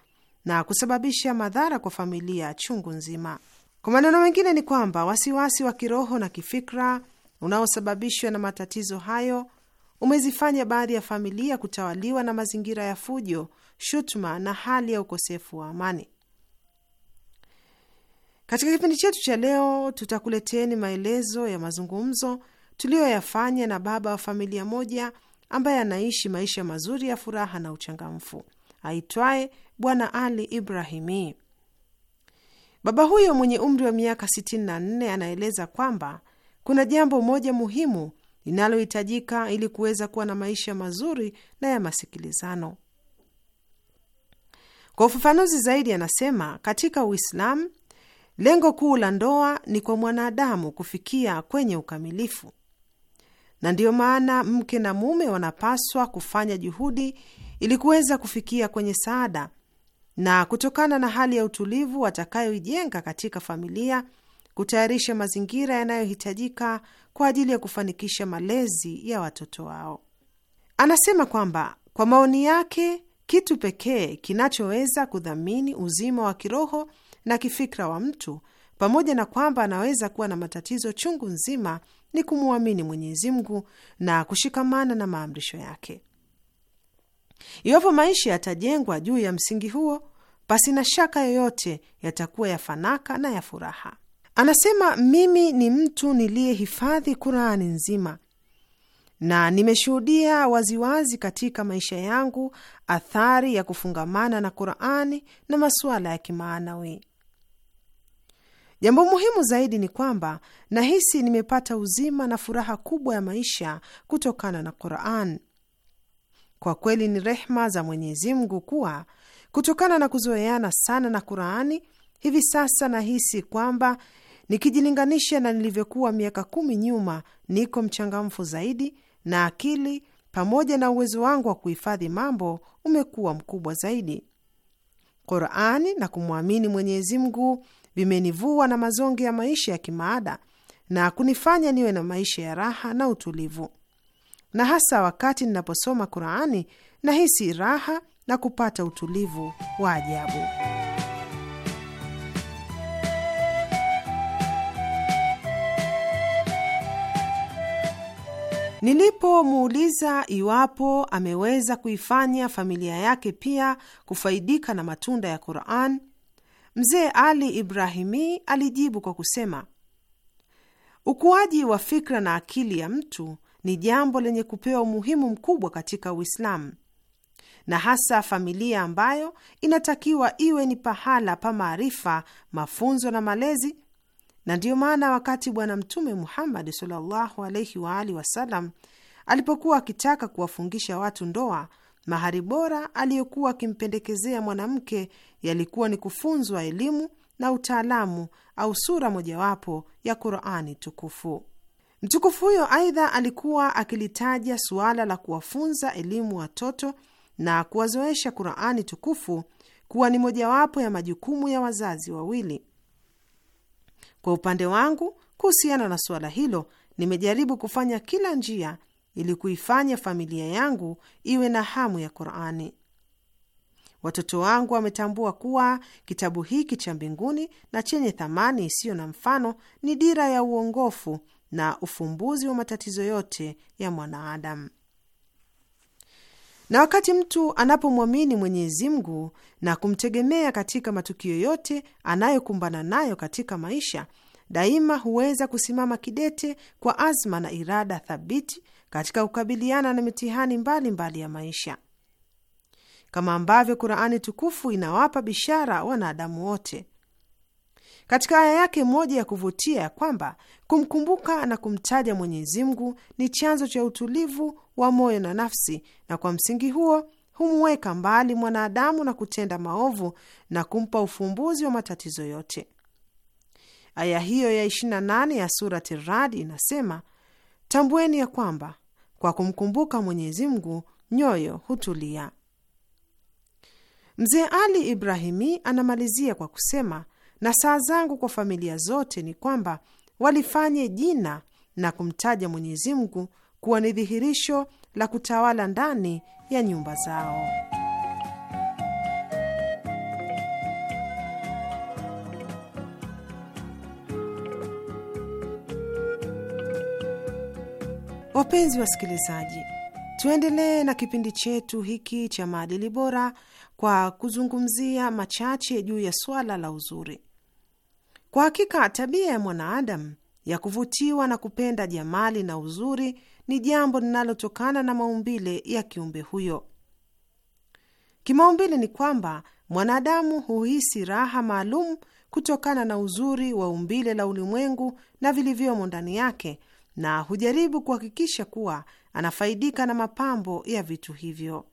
na kusababisha madhara kwa familia chungu nzima. Kwa maneno mengine, ni kwamba wasiwasi wa kiroho na kifikra unaosababishwa na matatizo hayo umezifanya baadhi ya familia kutawaliwa na mazingira ya fujo, shutuma na hali ya ukosefu wa amani. Katika kipindi chetu cha leo, tutakuleteni maelezo ya mazungumzo tuliyoyafanya na baba wa familia moja ambaye anaishi maisha mazuri ya furaha na uchangamfu aitwaye Bwana Ali Ibrahimi. Baba huyo mwenye umri wa miaka 64 anaeleza kwamba kuna jambo moja muhimu linalohitajika ili kuweza kuwa na maisha mazuri na ya masikilizano. Kwa ufafanuzi zaidi, anasema katika Uislamu lengo kuu la ndoa ni kwa mwanadamu kufikia kwenye ukamilifu na ndiyo maana mke na mume wanapaswa kufanya juhudi ili kuweza kufikia kwenye saada, na kutokana na hali ya utulivu watakayoijenga katika familia kutayarisha mazingira yanayohitajika kwa ajili ya kufanikisha malezi ya watoto wao. Anasema kwamba kwa maoni yake, kitu pekee kinachoweza kudhamini uzima wa kiroho na kifikra wa mtu, pamoja na kwamba anaweza kuwa na matatizo chungu nzima ni kumwamini Mwenyezi Mungu na kushikamana na maamrisho yake. Iwapo maisha yatajengwa juu ya msingi huo, na shaka yoyote yatakuwa ya fanaka na ya furaha. Anasema, mimi ni mtu niliyehifadhi Kurani nzima na nimeshuhudia waziwazi katika maisha yangu athari ya kufungamana na Qurani na masuala ya kimaanawi. Jambo muhimu zaidi ni kwamba nahisi nimepata uzima na furaha kubwa ya maisha kutokana na Quran. Kwa kweli ni rehma za Mwenyezi Mungu kuwa kutokana na kuzoeana sana na Qurani, hivi sasa nahisi kwamba nikijilinganisha na nilivyokuwa miaka kumi nyuma, niko mchangamfu zaidi na akili pamoja na uwezo wangu wa kuhifadhi mambo umekuwa mkubwa zaidi. Qurani na kumwamini Mwenyezi Mungu vimenivua na mazonge ya maisha ya kimaada na kunifanya niwe na maisha ya raha na utulivu, na hasa wakati ninaposoma Qurani nahisi raha na kupata utulivu wa ajabu. Nilipomuuliza iwapo ameweza kuifanya familia yake pia kufaidika na matunda ya Quran, Mzee Ali Ibrahimi alijibu kwa kusema, ukuaji wa fikra na akili ya mtu ni jambo lenye kupewa umuhimu mkubwa katika Uislamu na hasa familia ambayo inatakiwa iwe ni pahala pa maarifa, mafunzo na malezi. Na ndiyo maana wakati Bwana Mtume Muhammad sallallahu alaihi wa alihi wasallam alipokuwa akitaka kuwafungisha watu ndoa Mahari bora aliyokuwa akimpendekezea mwanamke yalikuwa ni kufunzwa elimu na utaalamu au sura mojawapo ya Qurani tukufu. Mtukufu huyo aidha alikuwa akilitaja suala la kuwafunza elimu watoto na kuwazoesha Qurani tukufu kuwa ni mojawapo ya majukumu ya wazazi wawili. Kwa upande wangu, kuhusiana na suala hilo, nimejaribu kufanya kila njia ili kuifanya familia yangu iwe na hamu ya Qurani. Watoto wangu wametambua kuwa kitabu hiki cha mbinguni na chenye thamani isiyo na mfano ni dira ya uongofu na ufumbuzi wa matatizo yote ya mwanaadamu. Na wakati mtu anapomwamini Mwenyezi Mungu na kumtegemea katika matukio yote anayokumbana nayo katika maisha, daima huweza kusimama kidete kwa azma na irada thabiti katika kukabiliana na mitihani mbalimbali mbali ya maisha, kama ambavyo Qurani tukufu inawapa bishara wanadamu wote katika aya yake moja ya kuvutia ya kwamba kumkumbuka na kumtaja Mwenyezi Mungu ni chanzo cha utulivu wa moyo na nafsi, na kwa msingi huo humweka mbali mwanadamu na kutenda maovu na kumpa ufumbuzi wa matatizo yote. Aya hiyo ya 28 ya surati Rad inasema, tambueni ya kwamba kwa kumkumbuka Mwenyezi Mungu nyoyo hutulia. Mzee Ali Ibrahimi anamalizia kwa kusema, na saa zangu kwa familia zote ni kwamba walifanye jina na kumtaja Mwenyezi Mungu kuwa ni dhihirisho la kutawala ndani ya nyumba zao. Wapenzi wasikilizaji, tuendelee na kipindi chetu hiki cha maadili bora kwa kuzungumzia machache juu ya swala la uzuri. Kwa hakika tabia ya mwanaadamu ya kuvutiwa na kupenda jamali na uzuri ni jambo linalotokana na maumbile ya kiumbe huyo. Kimaumbile ni kwamba mwanadamu huhisi raha maalum kutokana na uzuri wa umbile la ulimwengu na vilivyomo ndani yake na hujaribu kuhakikisha kuwa anafaidika na mapambo ya vitu hivyo.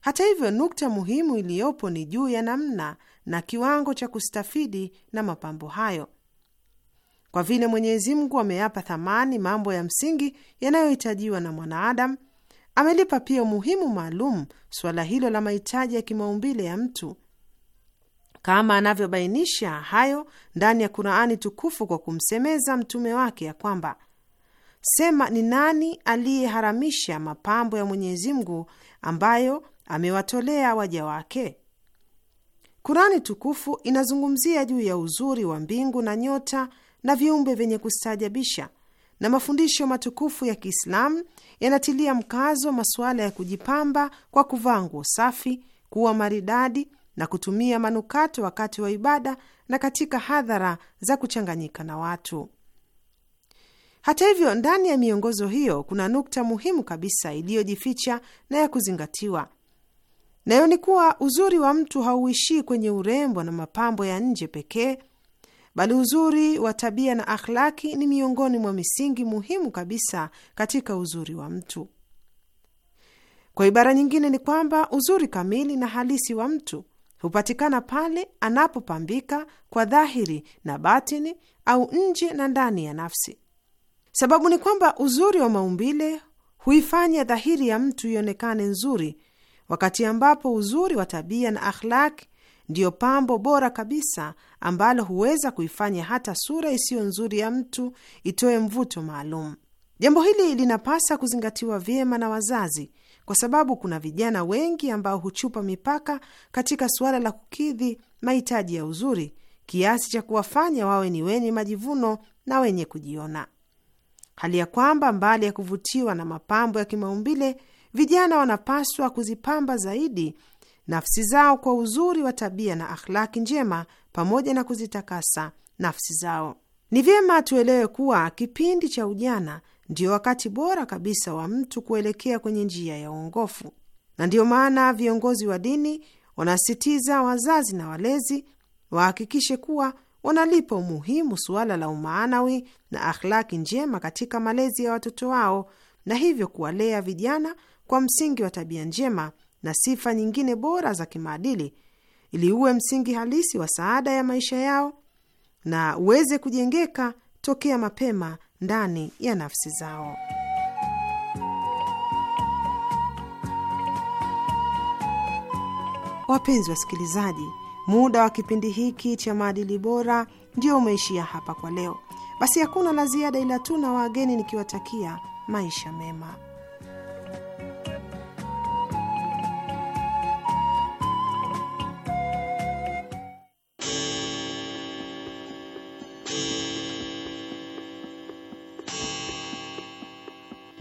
Hata hivyo, nukta muhimu iliyopo ni juu ya namna na kiwango cha kustafidi na mapambo hayo. Kwa vile Mwenyezi Mungu ameyapa thamani mambo ya msingi yanayohitajiwa na mwanaadam amelipa pia umuhimu maalum suala hilo la mahitaji ya kimaumbile ya mtu kama anavyobainisha hayo ndani ya Qurani tukufu kwa kumsemeza mtume wake ya kwamba Sema, ni nani aliyeharamisha mapambo ya Mwenyezi Mungu ambayo amewatolea waja wake? Kurani tukufu inazungumzia juu ya uzuri wa mbingu na nyota na viumbe vyenye kustaajabisha, na mafundisho matukufu ya Kiislamu yanatilia mkazo masuala ya kujipamba kwa kuvaa nguo safi, kuwa maridadi na kutumia manukato wakati wa ibada na katika hadhara za kuchanganyika na watu. Hata hivyo, ndani ya miongozo hiyo kuna nukta muhimu kabisa iliyojificha na ya kuzingatiwa, nayo ni kuwa uzuri wa mtu hauishii kwenye urembo na mapambo ya nje pekee, bali uzuri wa tabia na akhlaki ni miongoni mwa misingi muhimu kabisa katika uzuri wa mtu. Kwa ibara nyingine, ni kwamba uzuri kamili na halisi wa mtu hupatikana pale anapopambika kwa dhahiri na batini au nje na ndani ya nafsi. Sababu ni kwamba uzuri wa maumbile huifanya dhahiri ya mtu ionekane nzuri, wakati ambapo uzuri wa tabia na akhlaki ndiyo pambo bora kabisa ambalo huweza kuifanya hata sura isiyo nzuri ya mtu itoe mvuto maalum. Jambo hili linapasa kuzingatiwa vyema na wazazi kwa sababu kuna vijana wengi ambao huchupa mipaka katika suala la kukidhi mahitaji ya uzuri kiasi cha kuwafanya wawe ni wenye majivuno na wenye kujiona, hali ya kwamba mbali ya kuvutiwa na mapambo ya kimaumbile, vijana wanapaswa kuzipamba zaidi nafsi zao kwa uzuri wa tabia na akhlaki njema pamoja na kuzitakasa nafsi zao. Ni vyema tuelewe kuwa kipindi cha ujana ndio wakati bora kabisa wa mtu kuelekea kwenye njia ya uongofu, na ndiyo maana viongozi wa dini wanasisitiza wazazi na walezi wahakikishe kuwa wanalipa umuhimu suala la umaanawi na akhlaki njema katika malezi ya watoto wao, na hivyo kuwalea vijana kwa msingi wa tabia njema na sifa nyingine bora za kimaadili, ili uwe msingi halisi wa saada ya maisha yao na uweze kujengeka tokea mapema ndani ya nafsi zao. Wapenzi wasikilizaji, muda wa kipindi hiki cha maadili bora ndio umeishia hapa kwa leo. Basi hakuna la ziada, ila tu na wageni nikiwatakia maisha mema.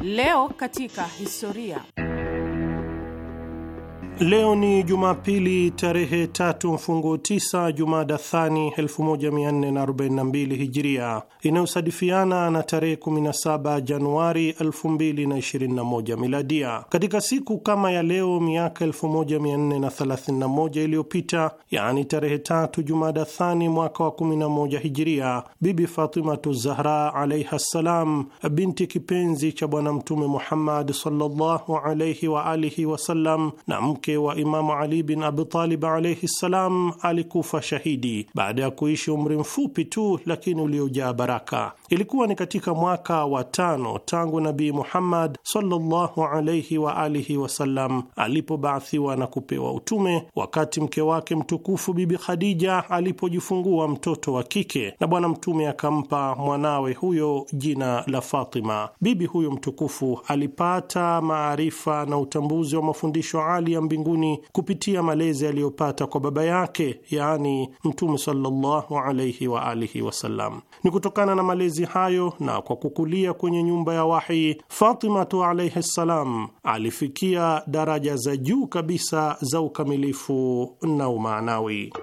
Leo katika historia Leo ni Jumapili tarehe tatu mfungo tisa Jumada Thani 1442 Hijiria inayosadifiana na tarehe 17 Januari 2021 Miladia. Katika siku kama ya leo miaka 1431 iliyopita, yaani tarehe tatu Jumada Thani mwaka wa 11 Hijiria, Bibi Fatimatu Zahra alaiha ssalam, binti kipenzi cha Bwana Mtume Muhammad sallallahu alaihi wa alihi wasallam na mke mke wa Imamu Ali bin Abi Talib alaihi ssalam alikufa shahidi baada ya kuishi umri mfupi tu, lakini uliojaa baraka. Ilikuwa ni katika mwaka wa tano tangu Nabii Muhammad sallallahu alaihi wa alihi wasallam alipobaathiwa na kupewa utume, wakati mke wake mtukufu Bibi Khadija alipojifungua mtoto wa kike, na Bwana Mtume akampa mwanawe huyo jina la Fatima. Bibi huyo mtukufu alipata maarifa na utambuzi wa mafundisho ali ya mbinguni kupitia malezi aliyopata kwa baba yake, yaani Mtume sallallahu alaihi wa alihi wasallam. Ni kutokana na malezi hayo na kwa kukulia kwenye nyumba ya wahi, Fatimatu alaihi ssalam alifikia daraja za juu kabisa za ukamilifu na umaanawi.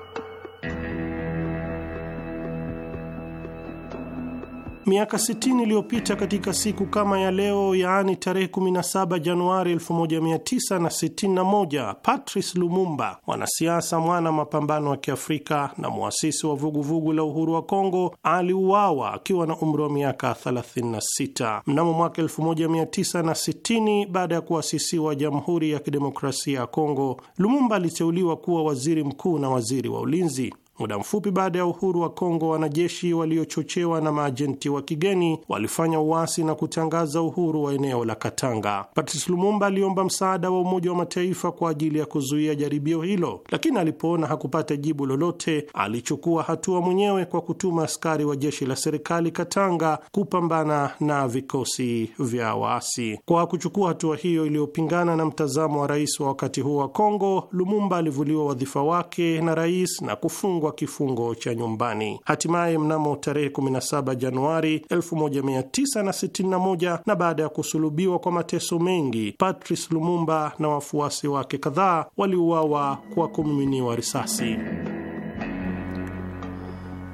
Miaka 60 iliyopita katika siku kama ya leo, yaani tarehe 17 Januari 1961, Patrice Lumumba, mwanasiasa, mwana mapambano wa Kiafrika na muasisi wa vuguvugu vugu la uhuru wa Kongo, aliuawa akiwa na umri wa miaka 36 mnamo mwaka 1960. Baada ya kuasisiwa Jamhuri ya Kidemokrasia ya Kongo, Lumumba aliteuliwa kuwa waziri mkuu na waziri wa ulinzi. Muda mfupi baada ya uhuru wa Kongo, wanajeshi waliochochewa na maajenti wa kigeni walifanya uasi na kutangaza uhuru wa eneo la Katanga. Patrice Lumumba aliomba msaada wa Umoja wa Mataifa kwa ajili ya kuzuia jaribio hilo, lakini alipoona hakupata jibu lolote, alichukua hatua mwenyewe kwa kutuma askari wa jeshi la serikali Katanga kupambana na vikosi vya waasi. Kwa kuchukua hatua hiyo iliyopingana na mtazamo wa rais wa wakati huo wa Kongo, Lumumba alivuliwa wadhifa wake na rais na kufungwa kifungo cha nyumbani. Hatimaye mnamo tarehe 17 Januari 1961 na, na baada ya kusulubiwa kwa mateso mengi, Patrice Lumumba na wafuasi wake kadhaa waliuawa kwa kumiminiwa risasi.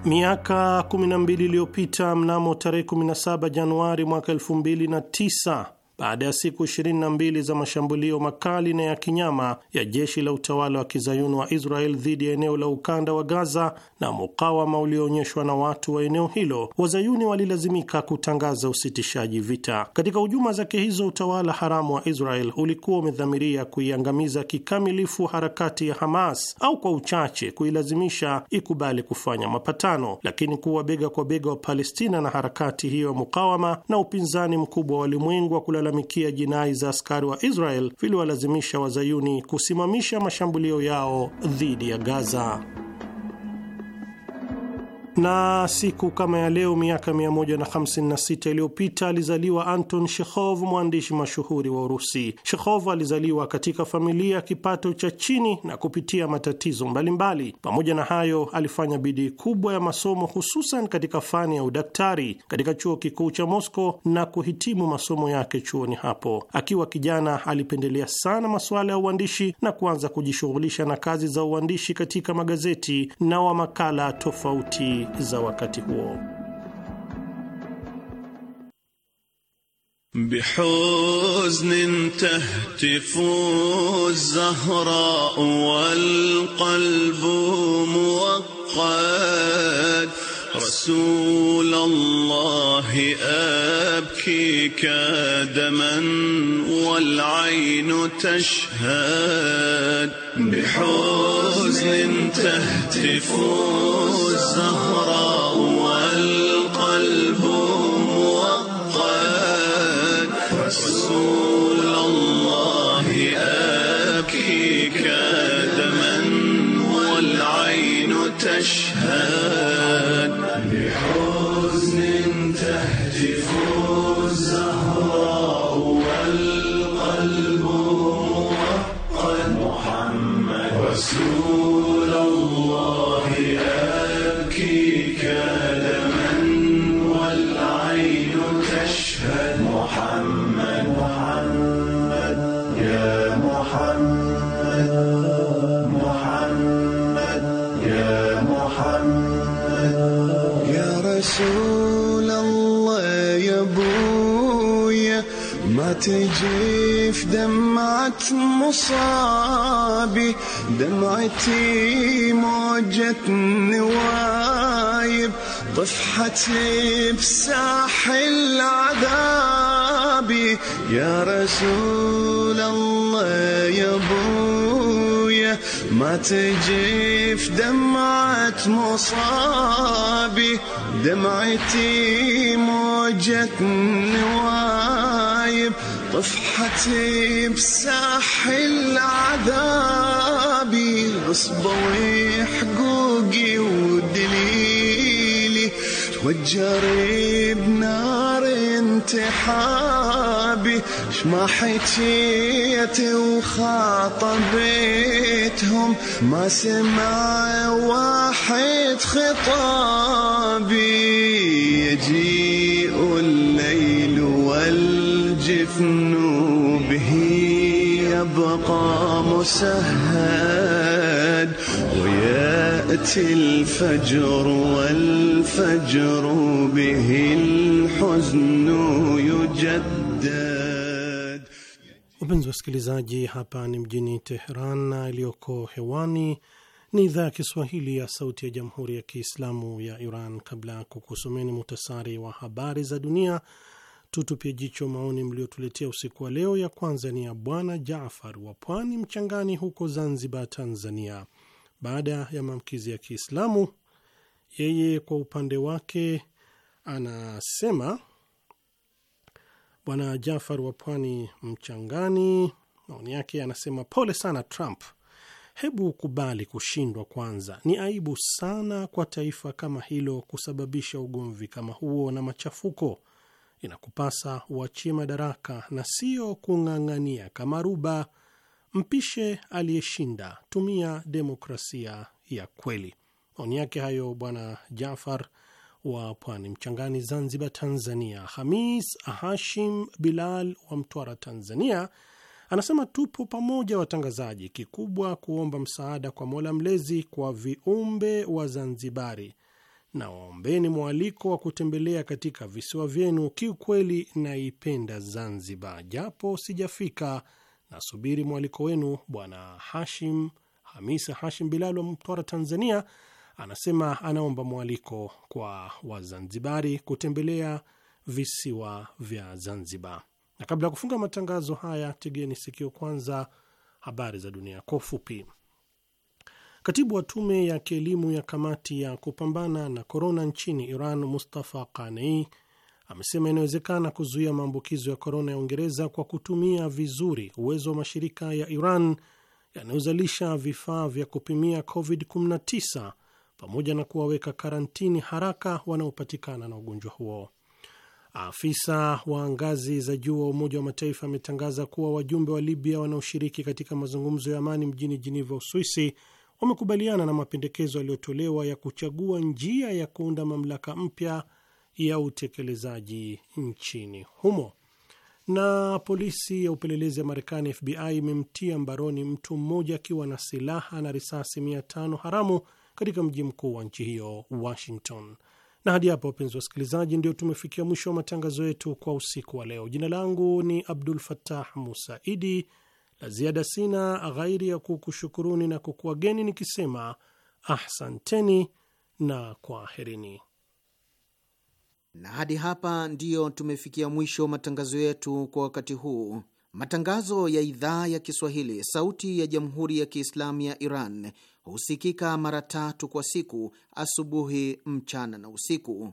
Miaka 12 iliyopita mnamo tarehe 17 Januari mwaka 2009 baada ya siku 22 za mashambulio makali na ya kinyama ya jeshi la utawala wa kizayuni wa Israel dhidi ya eneo la ukanda wa Gaza na mukawama ulioonyeshwa na watu wa eneo hilo, wazayuni walilazimika kutangaza usitishaji vita. Katika hujuma zake hizo, utawala haramu wa Israel ulikuwa umedhamiria kuiangamiza kikamilifu harakati ya Hamas au kwa uchache kuilazimisha ikubali kufanya mapatano, lakini kuwa bega kwa bega wa Palestina na harakati hiyo ya mukawama na upinzani mkubwa wa walimwengu wa kulala kulalamikia jinai za askari wa Israel viliwalazimisha wazayuni kusimamisha mashambulio yao dhidi ya Gaza. Na siku kama ya leo miaka 156 iliyopita alizaliwa Anton Chekhov, mwandishi mashuhuri wa Urusi. Chekhov alizaliwa katika familia ya kipato cha chini na kupitia matatizo mbalimbali. Pamoja na hayo, alifanya bidii kubwa ya masomo, hususan katika fani ya udaktari katika chuo kikuu cha Moscow na kuhitimu masomo yake chuoni hapo. Akiwa kijana, alipendelea sana masuala ya uandishi na kuanza kujishughulisha na kazi za uandishi katika magazeti na wa makala tofauti za wakati huo. بحزن تهتف الزهراء والقلب موقد رسول الله أبكيك دما والعين تشهد بحزن تهتف تجيف دمعة مصابي دمعتي موجة نوايب ضفحتي بساحل عذابي يا رسول الله يا بويا ما تجيف دمعة مصابي دمعتي موجة نوايب طفحتي بساحل عذابي غصبوا حقوقي ودليلي توجري بنار انتحابي شما حكيت وخاطبتهم ما سمع واحد خطابي يجي جفن به يبقى مسهد ويأتي الفجر والفجر به الحزن يجدد Wapenzi wasikilizaji, hapa ni mjini Teheran na iliyoko hewani ni idhaa ya Kiswahili ya Sauti ya Jamhuri ya Kiislamu ya Iran. Kabla ya kukusomeni muhtasari wa habari za dunia tutupie jicho maoni mliotuletea usiku wa leo. Ya kwanza ni ya Bwana Jaafar wa Pwani Mchangani huko Zanzibar, Tanzania. Baada ya maamkizi ya Kiislamu, yeye kwa upande wake anasema Bwana Jafar wa Pwani Mchangani, maoni yake anasema, pole sana Trump, hebu ukubali kushindwa kwanza. Ni aibu sana kwa taifa kama hilo kusababisha ugomvi kama huo na machafuko inakupasa uachie madaraka na sio kung'ang'ania kama ruba. Mpishe aliyeshinda, tumia demokrasia ya kweli. Maoni yake hayo Bwana Jafar wa Pwani Mchangani, Zanzibar, Tanzania. Hamis Hashim Bilal wa Mtwara, Tanzania, anasema tupo pamoja watangazaji, kikubwa kuomba msaada kwa Mola Mlezi kwa viumbe wa Zanzibari na waombeni mwaliko wa kutembelea katika visiwa vyenu. Kiukweli naipenda Zanzibar, japo sijafika. Nasubiri mwaliko wenu. Bwana Hashim Hamisa Hashim Bilal wa Mtwara, Tanzania, anasema anaomba mwaliko kwa Wazanzibari kutembelea visiwa vya Zanzibar. Na kabla ya kufunga matangazo haya, tegeni sikio kwanza habari za dunia kwa ufupi. Katibu wa tume ya kielimu ya kamati ya kupambana na korona nchini Iran, Mustafa Kanei, amesema inawezekana kuzuia maambukizo ya korona ya Uingereza kwa kutumia vizuri uwezo wa mashirika ya Iran yanayozalisha vifaa vya kupimia COVID-19 pamoja na kuwaweka karantini haraka wanaopatikana na ugonjwa huo. Afisa wa ngazi za juu wa Umoja wa Mataifa ametangaza kuwa wajumbe wa Libya wanaoshiriki katika mazungumzo ya amani mjini Jiniva, Uswisi, wamekubaliana na mapendekezo yaliyotolewa ya kuchagua njia ya kuunda mamlaka mpya ya utekelezaji nchini humo. Na polisi ya upelelezi ya Marekani, FBI, imemtia mbaroni mtu mmoja akiwa na silaha na risasi mia tano haramu katika mji mkuu wa nchi hiyo Washington. Na hadi hapa, wapenzi wa wasikilizaji, ndio tumefikia mwisho wa matangazo yetu kwa usiku wa leo. Jina langu ni Abdul fatah Musaidi. La ziada sina ghairi ya kukushukuruni na kukuageni nikisema ahsanteni na kwaherini. Na hadi hapa ndiyo tumefikia mwisho matangazo yetu kwa wakati huu. Matangazo ya idhaa ya Kiswahili sauti ya jamhuri ya Kiislamu ya Iran husikika mara tatu kwa siku: asubuhi, mchana na usiku.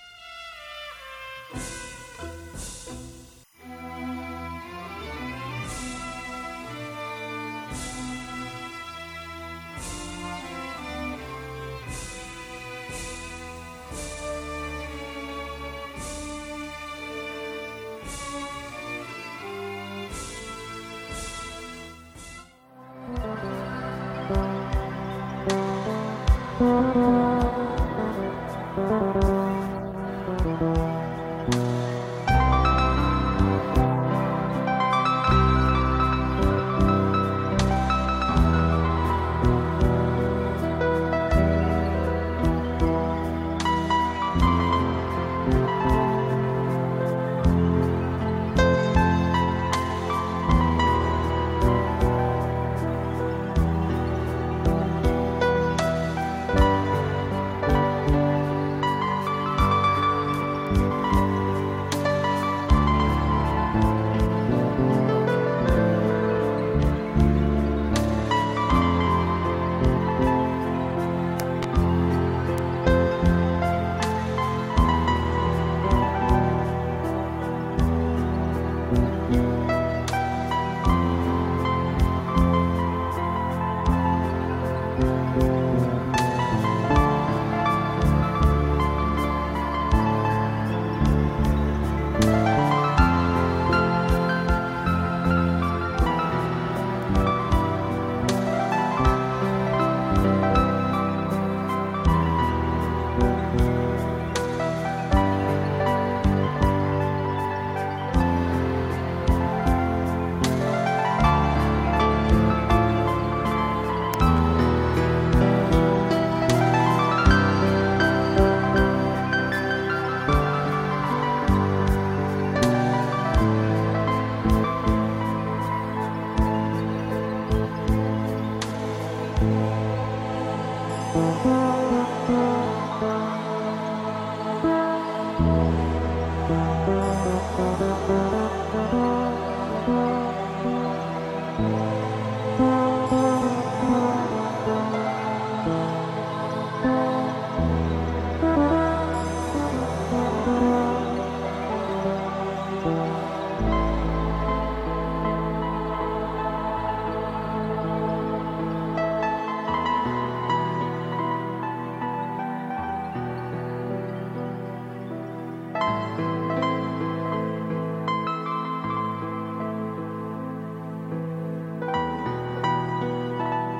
you